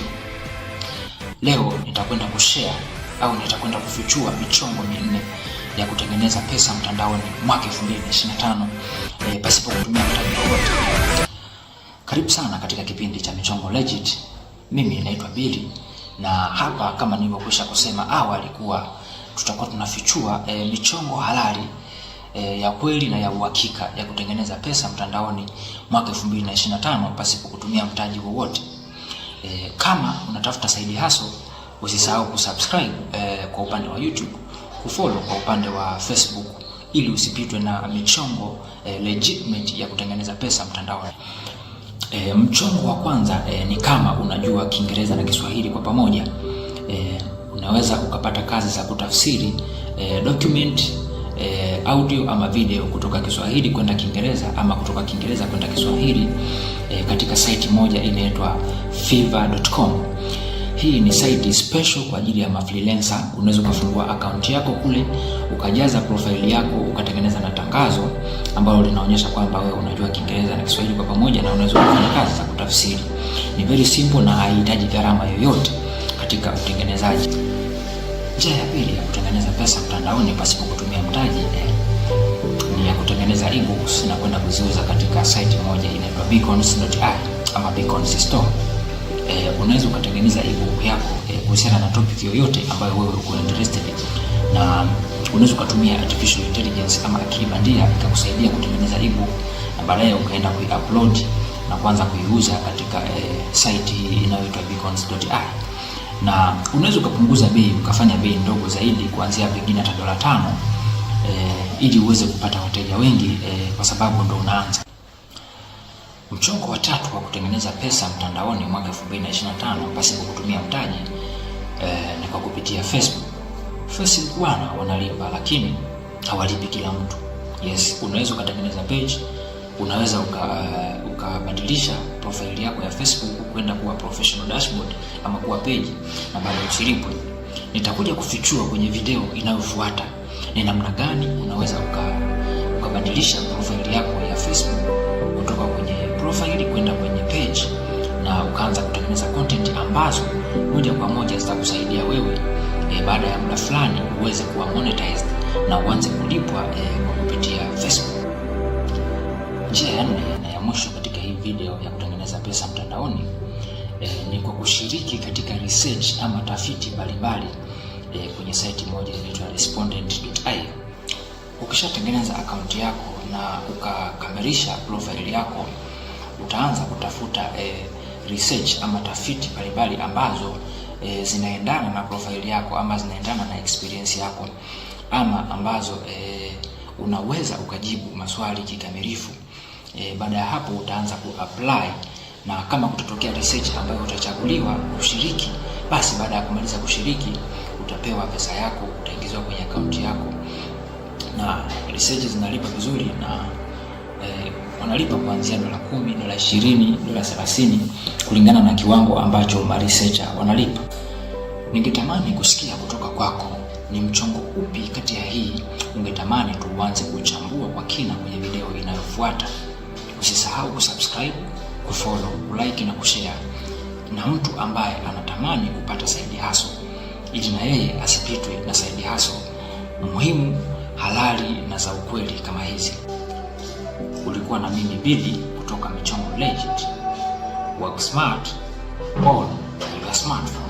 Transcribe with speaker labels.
Speaker 1: mafanikio. Leo nitakwenda kushare au nitakwenda kufichua michongo minne ya kutengeneza pesa mtandaoni mwaka 2025 e, pasipo kutumia mtaji wowote. Karibu sana katika kipindi cha Michongo Legit. Mimi naitwa Billy na hapa kama nilivyokwisha kusema awali kuwa tutakuwa tunafichua e, michongo halali e, ya kweli na ya uhakika ya kutengeneza pesa mtandaoni mwaka 2025 pasipo kutumia mtaji wowote. E, kama unatafuta side hustle usisahau kusubscribe e, kwa upande wa YouTube, kufollow kwa upande wa Facebook ili usipitwe na michongo e, eh, legitimate ya kutengeneza pesa mtandaoni. E, mchongo wa kwanza e, ni kama unajua Kiingereza na Kiswahili kwa pamoja e, unaweza ukapata kazi za kutafsiri e, document e, audio ama video kutoka Kiswahili kwenda Kiingereza ama kutoka Kiingereza kwenda Kiswahili e, katika site moja inaitwa fever.com. Hii ni site special kwa ajili ya mafreelancer. Unaweza ukafungua akaunti yako kule, ukajaza profile yako, ukatengeneza na tangazo ambalo linaonyesha kwamba wewe unajua Kiingereza na Kiswahili kwa pamoja, na unaweza kufanya kazi za kutafsiri. Ni very simple na haihitaji gharama yoyote katika utengenezaji. Njia ya pili ya kutengeneza pesa mtandaoni pasipo kutumia mtaji eh, ni ya kutengeneza ebooks na kwenda kuziuza katika site moja inaitwa beacons.ai ama Beacons Store. Eh, unaweza ukatengeneza ebook yako eh, kuhusiana na topic yoyote ambayo wewe uko interested in. na unaweza ukatumia artificial intelligence ama akili bandia ikakusaidia kutengeneza ebook na baadaye ukaenda kuiupload na kuanza kuiuza katika eh, site inayoitwa beacons.ai na unaweza ukapunguza bei ukafanya bei ndogo zaidi kuanzia pengine hata dola tano e, ili uweze kupata wateja wengi e, kwa sababu ndo unaanza. Mchongo wa tatu wa kutengeneza pesa mtandaoni mwaka 2025 pasipo kutumia mtaji e, ni kwa kupitia Facebook. Facebook wana wanalipa, lakini hawalipi kila mtu. Yes, unaweza ukatengeneza page unaweza uh, ukabadilisha uka profile yako ya Facebook kwenda kuwa professional dashboard ama kuwa page na bado usilipwe. Nitakuja kufichua kwenye video inayofuata ni namna gani unaweza ukabadilisha uka profile yako ya Facebook kutoka kwenye profile kwenda kwenye page na ukaanza kutengeneza content ambazo moja kwa moja zitakusaidia wewe e, baada ya muda fulani uweze kuwa monetized na uanze kulipwa e, kupitia Facebook. Njia ya yaani, nne na ya mwisho katika hii video ya kutengeneza pesa mtandaoni e, ni kwa kushiriki katika research ama tafiti mbalimbali e, kwenye site moja inaitwa Respondent.io. Ukishatengeneza akaunti yako na ukakamilisha profile yako, utaanza kutafuta e, research ama tafiti mbalimbali ambazo e, zinaendana na profile yako ama zinaendana na experience yako ama ambazo e, unaweza ukajibu maswali kikamilifu. E, baada ya hapo utaanza kuapply na kama kutotokea research ambayo utachaguliwa kushiriki, basi baada ya kumaliza kushiriki utapewa pesa yako, utaingizwa kwenye akaunti yako, na research zinalipa vizuri na e, wanalipa kuanzia dola kumi, dola ishirini, dola thelathini kulingana na kiwango ambacho ma researcher wanalipa. Ningetamani kusikia kutoka kwako ni mchongo upi kati ya hii ungetamani tuanze kuchambua kwa kina kwenye video inayofuata usisahau kusubscribe, kufollow, kulike na kushare na mtu ambaye anatamani kupata saidi haso ili na yeye asipitwe na saidi haso muhimu, halali na za ukweli kama hizi. Ulikuwa na mimi Bidi kutoka Michongo legend Work smart on your smartphone.